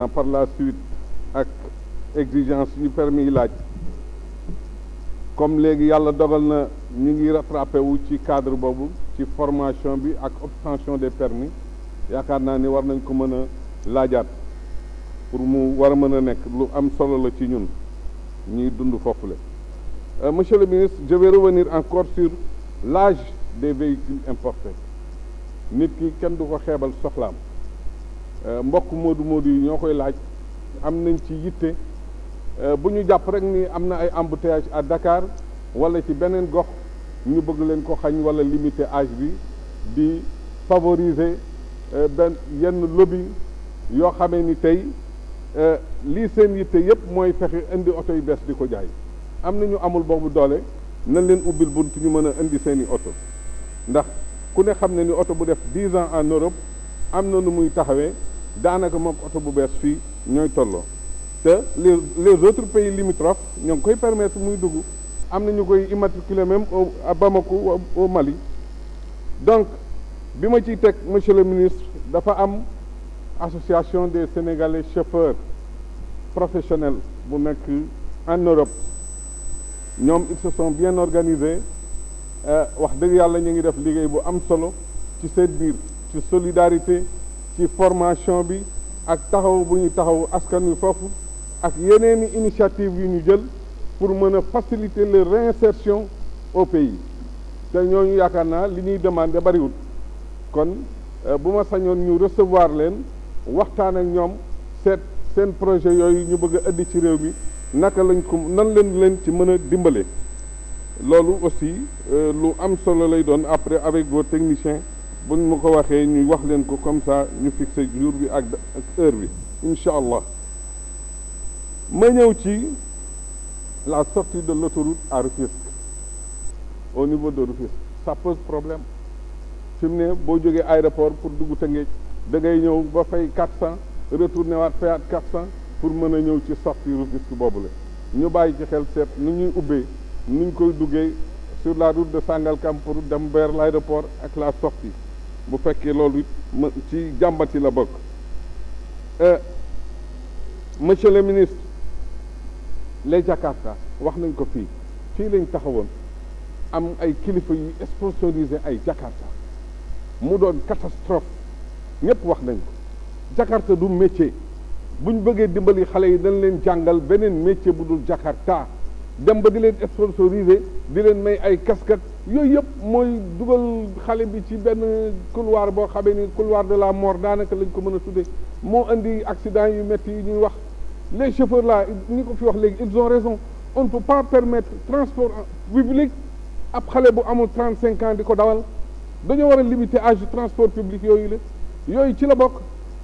Hein, par la suite avec exigence du permis comme les yalla dogal na ñi ngi rattraper wu ci cadre de ci formation bi ak obtention des permis Nous avons ni war nañ ko pour nous war mëna nek lu am solo la euh, monsieur le ministre je vais revenir encore sur l'âge des véhicules importés nit ki kenn du ko xeebal euh, mbokk moodu-moodu yi ñoo laaj am nañ ci yitte euh, bu ñu japp rek ni amna ay embouteillage à Dakar wala ci benen gox ñu bëgg leen ko xañ wala limiter âge bi di favoriser ben yenn lobby yo xamé ni tey li seen yitte yépp moy fexe indi auto yu bees di ko jaay amna ñu amul bobu doole nañ leen ubbil buntu ñu mëna indi seeni auto ndax ku ne xam ne ni oto bu def 10 ans en Europe am na nu muy taxawee danaka mom auto bu bees fi ñoy tollo te les autres pays limitrophes ñong koy permettre muy dugg amna ñu koy immatriculer même au à Bamako au Mali donc bima ci tek monsieur le ministre dafa am association des sénégalais chauffeurs professionnels bu nekk en Europe ñom ils se sont bien organisés euh, wax deug yalla ñi ngi def liguey bu am solo ci cette bir ci solidarité ci formation bi ak taxaw bu ñu taxaw askan wi foofu ak yeneen i initiative yi ñu jël pour mën a faciliter le réinsertion au pays te ñooñu yaakaar naa li ñuy demander bariwul kon euh, bu ma sañoon ñu recevoir leen waxtaan ak ñoom seet seen projet yooyu ñu bëgg a indi ci réew mi naka lañ ko nan leen leen ci mën a dimbale loolu aussi euh, lu am solo lay doon après avec vos techniciens buñ ma ko waxee ñuy wax leen ko comme ça ñu fixé jur bi ak ak heure bi incha allah ma ñëw ci la sortie de l'autoroute à Rufisque au niveau de Rufisque ça pose problème fi mu ne boo jógee aéroport pour dugg Tëngéej da ngay ñëw ba fay quatre cent retourné waat fayaat quatre cent pour mën a ñëw ci sortie Rufisque boobu la ñu bàyyi ci xel seet nu ñuy ubbee nu ñu koy duggee sur la route de Sangalkam pour dem vers l'aéroport ak la sortie bu fekkee loolu ci jàmbati la bokk euh, monsieur le ministre les Jakarta wax nañ ko fii fii lañ taxawoon am ay kilifa yu sponsorisé ay Jakarta mu doon catastrophe ñëpp wax nañ ko Jakarta du métier buñ bëggee dimbali xale yi dañ leen jàngal beneen métier bu dul Jakarta dem ba di leen sponsoriser di leen may ay kaskat yooyu yëpp mooy dugal xale bi ci benn couloir boo xamee ni couloir de la mort daanaka lañ ko mën a tuddee moo indi accident yu métti yi ñuy wax les chauffeurs là ñi ko fi wax léegi ils ont raison on ne peut pas permettre transport public ab xale bu amul 35 ans di ko dawal dañoo war a limiter âge transport public yooyu la yooyu ci la bokk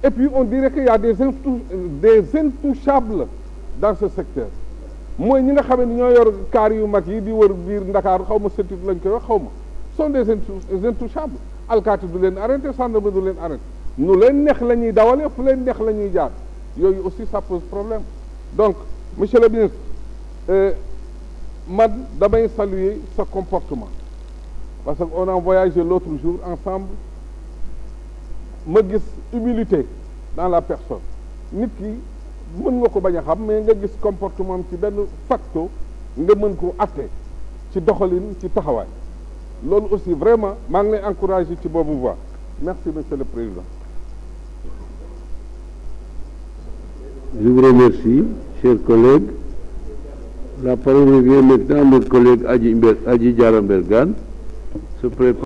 et puis on dirait qu'il y a des des intouchables dans ce secteur moy ñi nga pas yu mag yi wër sont des intouchables du leen arrêté du nu fu aussi ça pose problème donc monsieur le ministre euh, man saluer sa comportement parce qu'on a voyagé l'autre jour ensemble ma gis humilité dans la personne nit ki mën nga ko bañ a xam mais nga gis comportement ci benn facto nga mën ko atte ci doxalin ci taxawaay loolu aussi vraiment maa ngi lay encouragé ci boobu voie merci monsieur le président je vous remercie chers collègues la parole revient maintenant à notre collègue Adji Adji Diara se prépare